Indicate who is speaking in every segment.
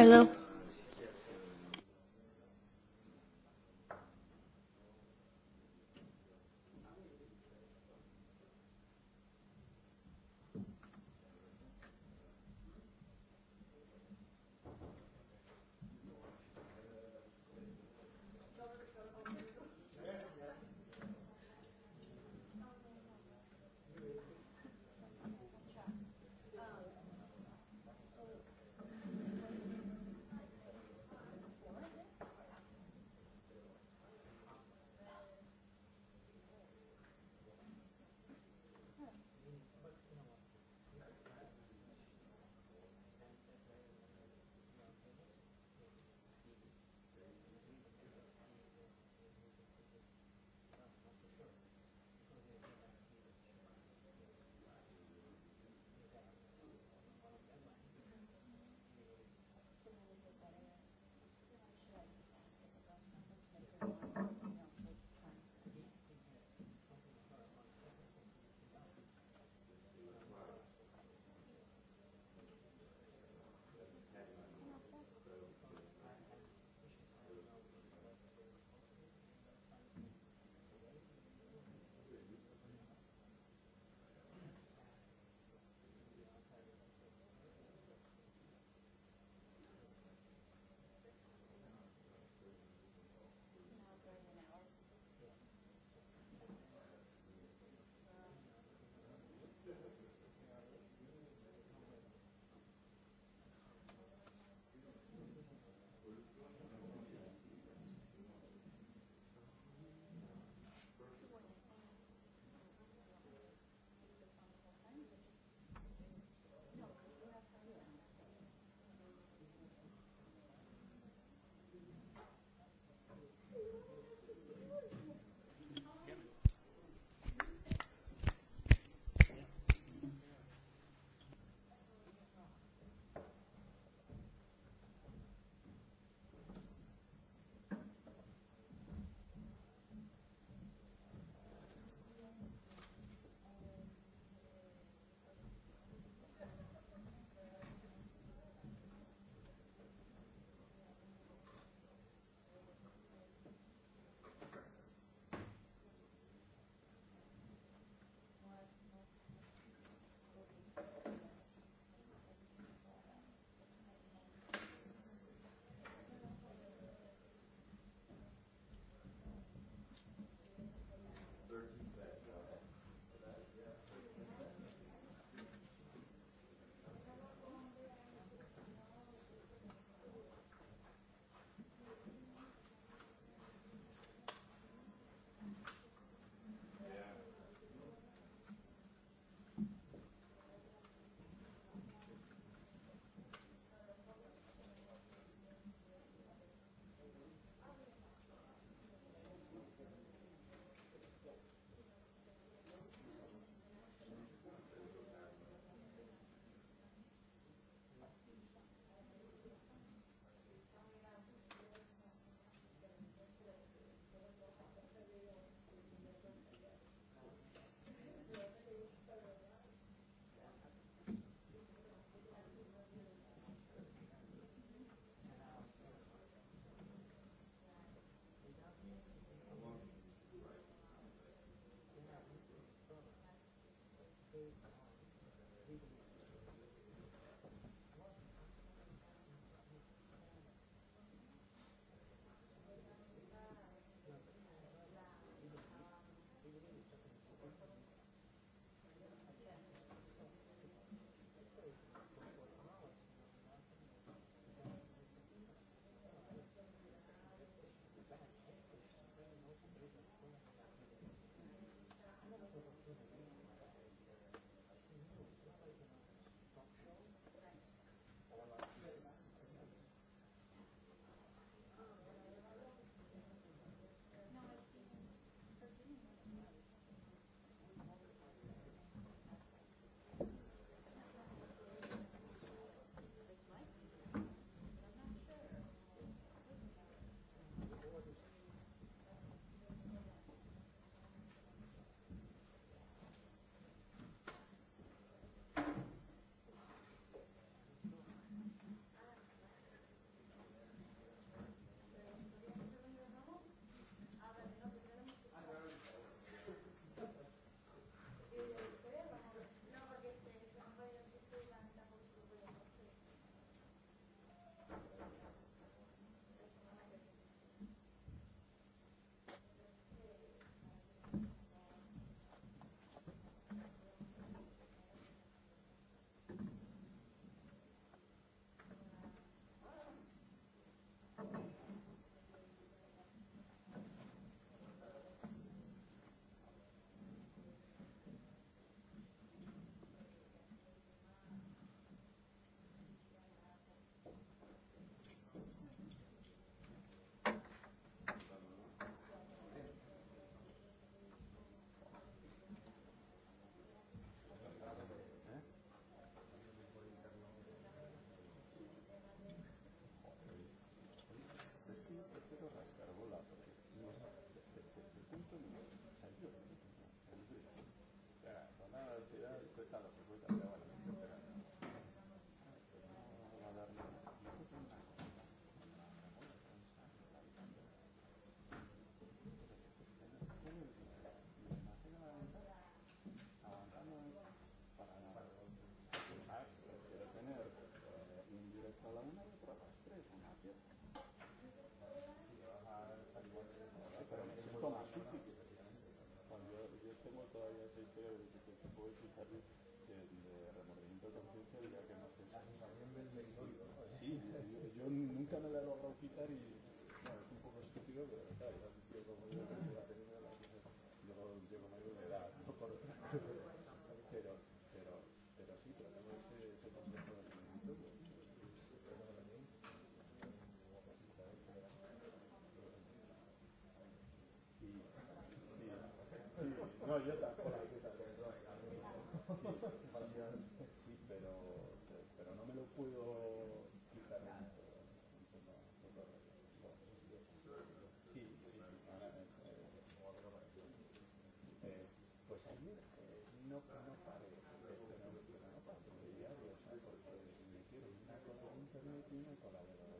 Speaker 1: Hello. todavía esa historia de que se puede fijar el remordimiento de conciencia y ya que no sé. Sí, yo, yo nunca me la he logrado quitar y bueno, es un poco estúpido, pero claro, yo como yo la tengo, llevo mayor de edad, ¿no? no, no pare, pero no, no para, porque ya lo sabe, porque me hicieron una con internet y una con la de la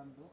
Speaker 1: trabajando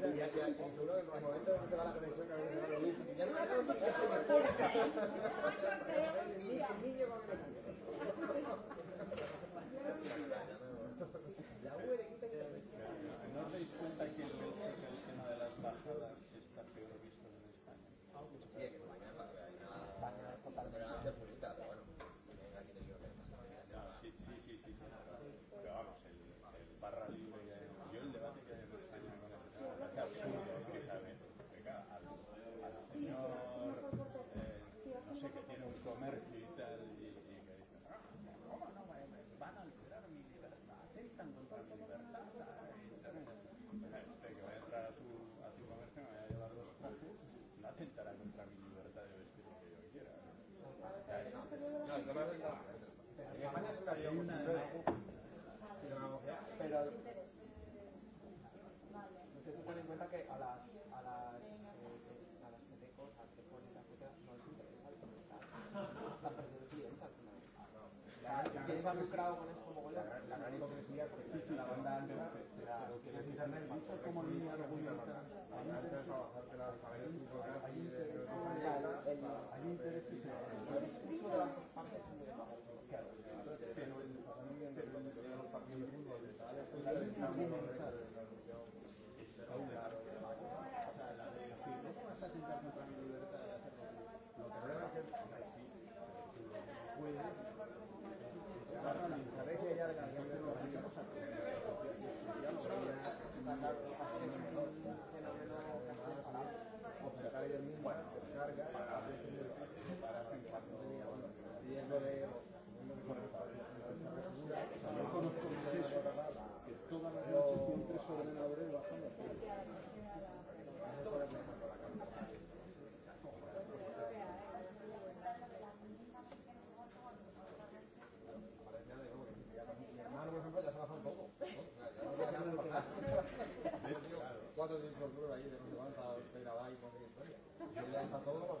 Speaker 1: Gracias. ha lucrado con esto mogollón. La gran hipocresía la banda antes de internet, mucho como línea de Hay intereses el discurso de las partes. Pero el partido de fútbol, datos se incorporan ahí de cuánta petabyte con qué historia. Y le deja todo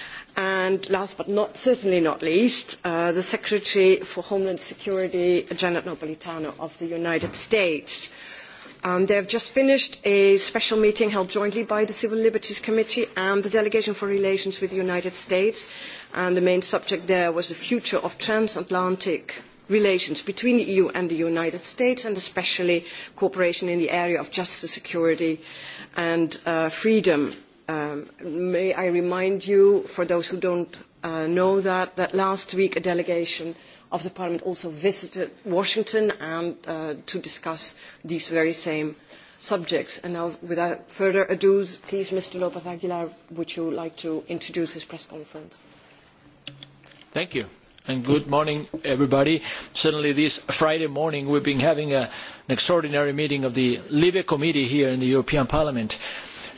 Speaker 2: And last but not certainly not least, uh, the Secretary for Homeland Security, Janet Napolitano of the United States. Um, they have just finished a special meeting held jointly by the Civil Liberties Committee and the Delegation for Relations with the United States. And the main subject there was the future of transatlantic relations between the EU and the United States, and especially cooperation in the area of justice, security, and freedom may I remind you, for those who don't know that, that last week a delegation of the Parliament also visited Washington and to discuss these very same subjects. And now, without further ado, please, Mr. Lopez Aguilar, would you like to introduce this press conference?
Speaker 3: Thank you. And good morning, everybody. Certainly, this Friday morning, we've been having an extraordinary meeting of the LIBE Committee here in the European Parliament.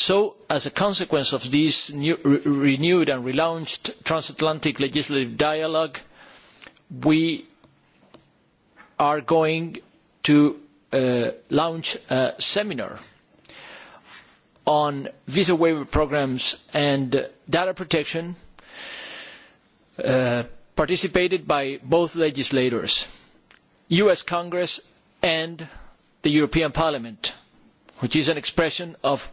Speaker 3: So as a consequence of this renewed and relaunched transatlantic legislative dialogue, we are going to launch a seminar on visa waiver programmes and data protection participated by both legislators, US Congress and the European Parliament, which is an expression of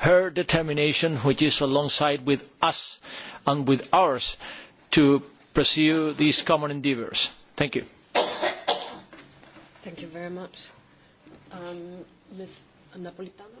Speaker 3: her determination, which is alongside with us and with ours, to pursue these common endeavours. Thank you.
Speaker 2: Thank you very much. Ms. Napolitano?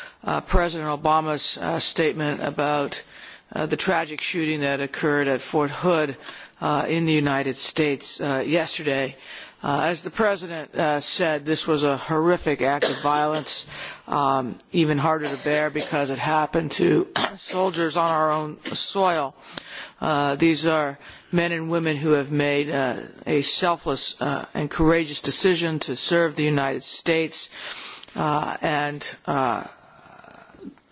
Speaker 4: President Obama's statement about the tragic shooting that occurred at Fort Hood in the United States yesterday. as the President said, this was a horrific act of violence, even harder to bear because it happened to soldiers on our own soil. these are men and women who have made a selfless and courageous decision to serve the United States and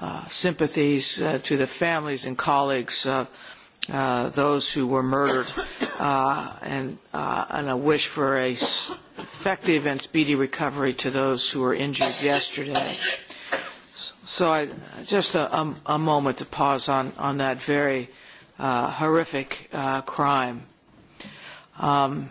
Speaker 4: uh, sympathies uh, to the families and colleagues of uh, those who were murdered uh, and, uh, and a wish for a effective and speedy recovery to those who were injured yesterday. So I, just a, a, a moment to pause on, on that very uh, horrific uh, crime. Um,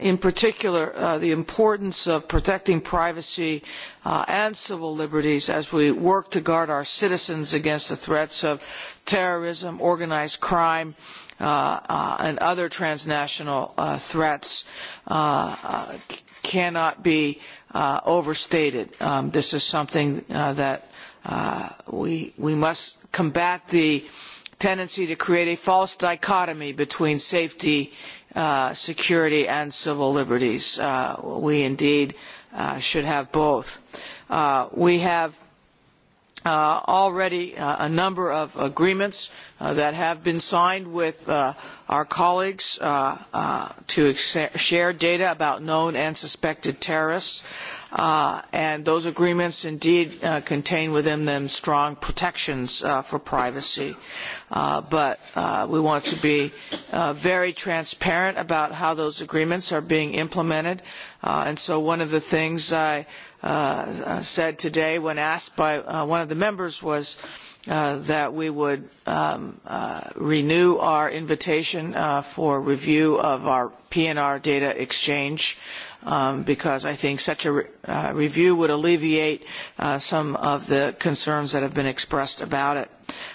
Speaker 4: in particular the importance of protecting privacy and civil liberties as we work to guard our citizens against the threats of terrorism, organised crime, and other transnational threats cannot be overstated. this is something that we, we must combat the tendency to create a false dichotomy between safety security and civil liberties. we indeed should have both. we have already a number of agreements that have been signed with our colleagues to share data about known and suspected terrorists and those agreements indeed contain within them strong protections for privacy. but we want to be very transparent about how those agreements are being implemented. and so one of the things I said today when asked by one of the members was that we would renew our invitation for review of our PNR data exchange um, because I think such a re- uh, review would alleviate uh, some of the concerns that have been expressed about it.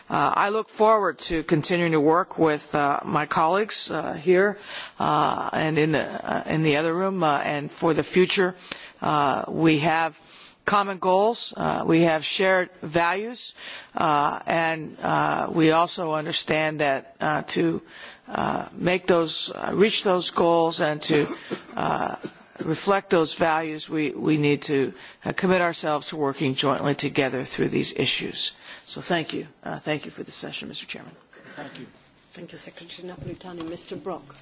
Speaker 4: Uh, I look forward to continuing to work with uh, my colleagues uh, here uh, and in the, uh, in the other room uh, and for the future. Uh, we have common goals, uh, we have shared values, uh, and uh, we also understand that uh, to uh, make those, uh, reach those goals and to uh, reflect those values, we, we need to commit ourselves to working jointly together through these issues. So thank you. thank you for this session, Mr. Chairman.
Speaker 2: Thank you. Thank you, Secretary Napolitani. Mr. Brock.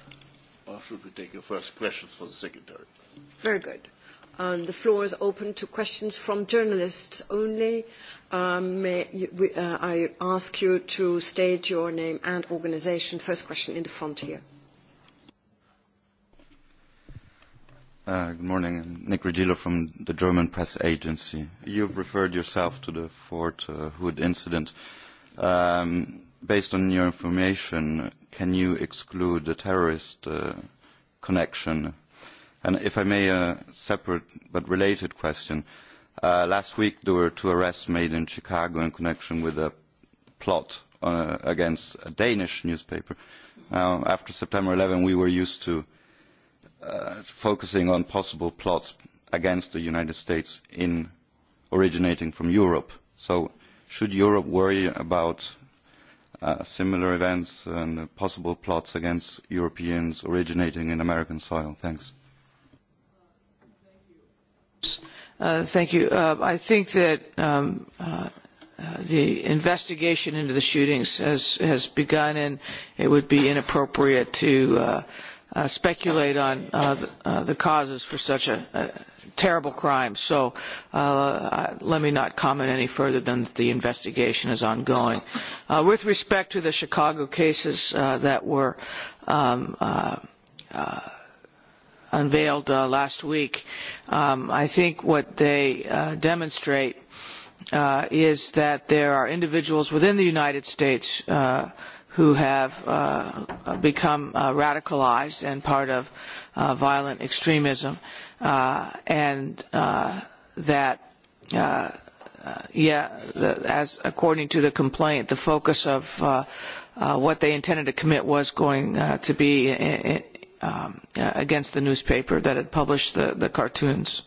Speaker 2: Or
Speaker 5: should we take your first questions for the Secretary?
Speaker 2: Very good. Um, the floor is open to questions from journalists only. Um, may you, we, uh, I ask you to state your name and organization. First question in the front here.
Speaker 5: Good morning. I'm Nick Regillo from the German press agency. You've referred yourself to the Fort uh, Hood incident. Um, based on your information, can you exclude the terrorist uh, connection? And if I may, a separate but related question. Uh, last week there were two arrests made in Chicago in connection with a plot uh, against a Danish newspaper. Now, after September 11, we were used to focusing on possible plots against the United States in originating from Europe. So should Europe worry about similar events and possible plots against Europeans originating
Speaker 4: in American soil? Thanks. Thank you. I think that the investigation into the shootings has begun, and it would be inappropriate to uh, speculate on uh, the, uh, the causes for such a, a terrible crime. So uh, let me not comment any further than that the investigation is ongoing. Uh, with respect to the Chicago cases uh, that were um, uh, uh, unveiled uh, last week, um, I think what they uh, demonstrate uh, is that there are individuals within the United States uh, who have uh, become uh, radicalized and part of uh, violent extremism, uh, and uh, that. Uh, yeah, the, as according to the complaint, the focus of uh, uh, what they intended to commit was going uh, to be in, um, against the newspaper that had published the, the cartoons.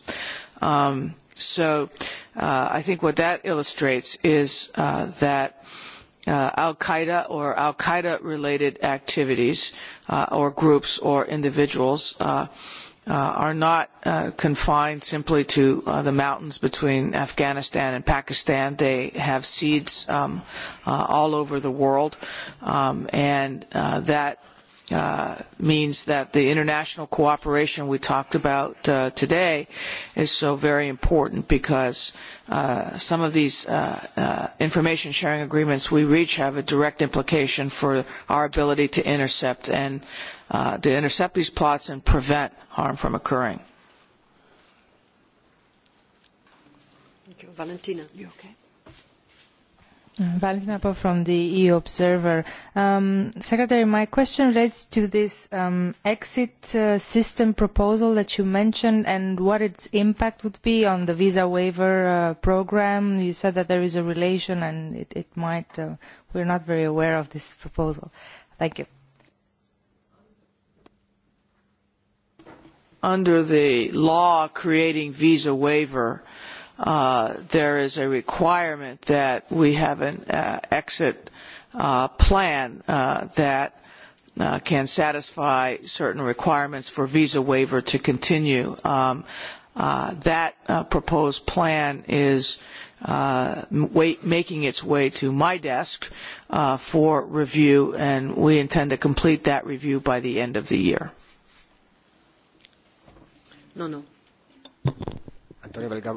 Speaker 4: Um, so uh, I think what that illustrates is uh, that uh, Al Qaeda or Al Qaeda related activities or groups or individuals are not confined simply to the mountains between Afghanistan and Pakistan. They have seeds all over the world, and that means that the international cooperation we talked about today is so very important because some of these information sharing agreements we reach have a direct implication for our ability to intercept and to intercept these plots and prevent harm from occurring.
Speaker 2: Valentina, you okay?
Speaker 4: Valentina Knapo from the
Speaker 2: EU Observer. Secretary, my question relates to this exit system proposal that you mentioned and what its impact would be on the visa waiver program. You said that there is a relation and it, it might, uh, we're not very aware of this proposal. Thank you.
Speaker 4: Under the law creating visa waiver, uh, there is a requirement that we have an exit plan that can satisfy certain requirements for visa waiver to continue. that proposed plan is making its way to my desk for review, and we intend to complete that review by the end of the year.
Speaker 3: Antonio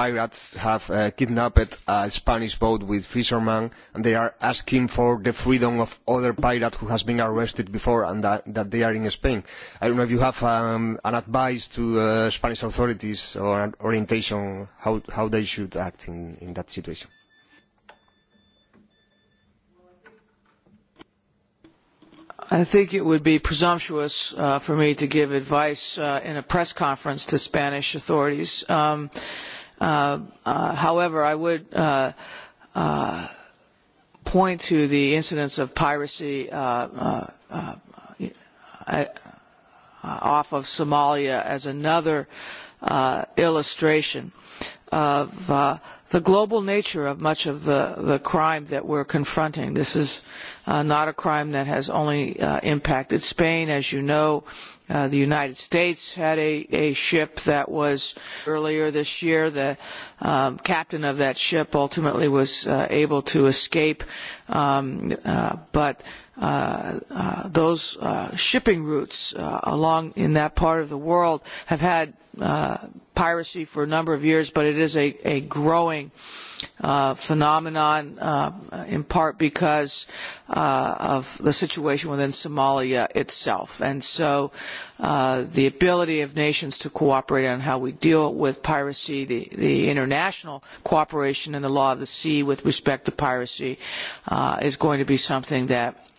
Speaker 3: pirates have uh, kidnapped a Spanish boat with fishermen, and they are asking for the freedom of other pirates who has been arrested before and that, that they are in Spain. I don't know if you have um, an advice to uh, Spanish authorities or an orientation how how they should act in, in that situation.
Speaker 4: I think it would be presumptuous for me to give advice in a press conference to Spanish authorities however, I would point to the incidence of piracy off of Somalia as another illustration of the global nature of much of the, the crime that we're confronting. This is not a crime that has only impacted Spain, as you know the United States had a, a ship that was earlier this year. The um, captain of that ship ultimately was uh, able to escape, um, uh, but uh, uh, those uh, shipping routes uh, along in that part of the world have had uh, piracy for a number of years, but it is a, a growing uh, phenomenon, in part because of the situation within Somalia itself. And so the ability of nations to cooperate on how we deal with piracy, the, the international cooperation in the law of the sea with respect to piracy, is going to be something that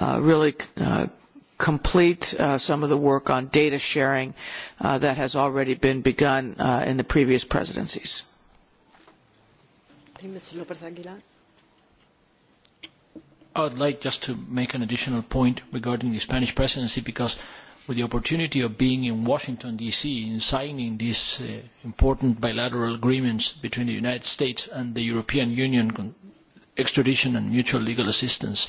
Speaker 4: really complete some of the work on data sharing that has already been begun in the previous presidencies.
Speaker 3: I would like just to make an additional point regarding the Spanish presidency because with the opportunity of being in Washington, D.C., in signing these uh important bilateral agreements between the United States and the European Union, extradition and mutual legal assistance,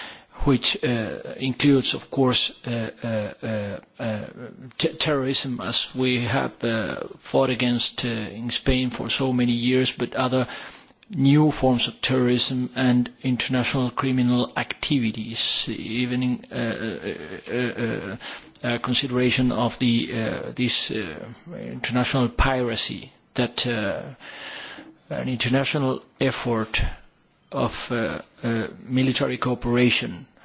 Speaker 3: which includes, of course, terrorism, as we have fought against in Spain for so many years, but other new forms of terrorism and international criminal activities, even in consideration of this international piracy that an international effort of military cooperation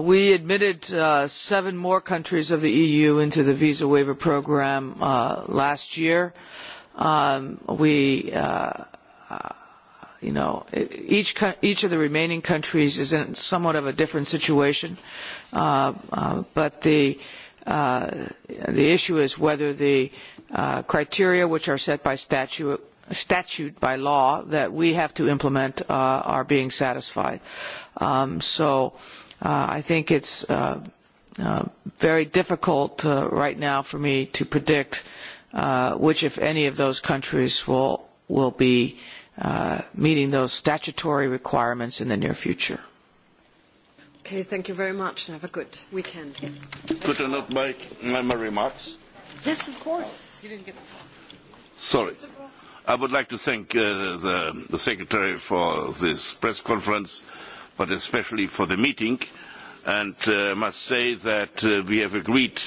Speaker 4: we admitted seven more countries of the EU into the visa waiver program last year. we, you know, each each of the remaining countries is in somewhat of a different situation, but the the issue is whether the criteria which are set by statute statute by law that we have to implement are being satisfied. so I think it's very difficult right now for me to predict which, if any, of those countries will will be meeting those statutory requirements in the near future.
Speaker 2: Okay, thank you very much, and have a good weekend.
Speaker 4: Could I
Speaker 5: not make my, remarks?
Speaker 4: Yes, of course. You didn't get
Speaker 5: Sorry. I would like to thank uh, the, the Secretary for this press conference but especially for the meeting. And I must say that we have agreed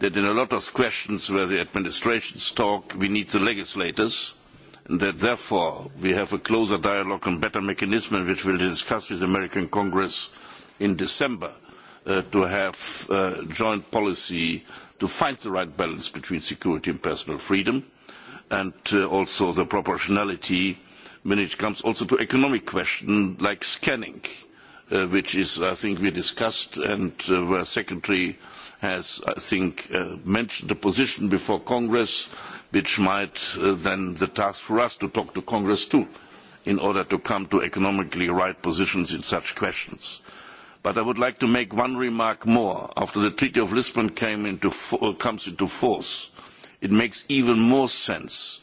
Speaker 5: that in a lot of questions where the administrations talk, we need the legislators, and that therefore we have a closer dialogue and better mechanism which we will discuss with the American Congress in December to have a joint policy to find the right balance between security and personal freedom and also the proportionality when it comes also to economic questions like scanning, which is, I think, we discussed and where Secretary has, I think, mentioned a position before Congress, which might then the task for us to talk to Congress too, in order to come to economically right positions in such questions. But I would like to make one remark more. After the Treaty of Lisbon comes into force, it makes even more sense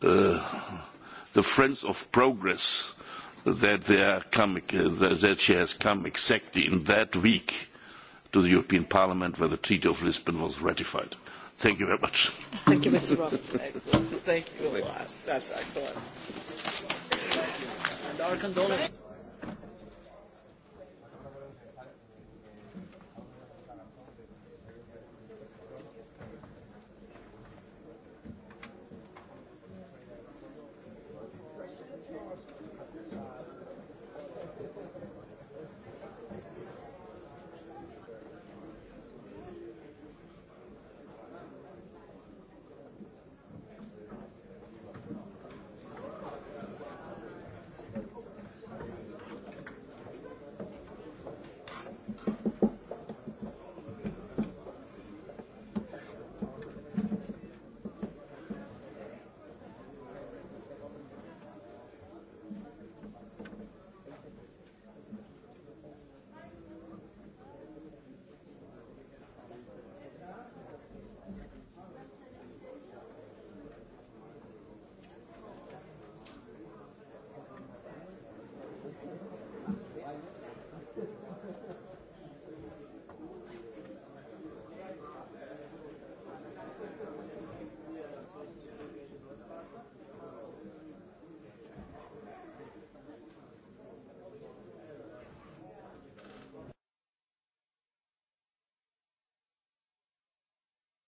Speaker 5: the friends of progress that they are coming, that she has come exactly in that week to the European Parliament where the Treaty of Lisbon was ratified. Thank you very much.
Speaker 4: Thank you, Mr. Roth. Thank you a lot. That's excellent. And our condolences.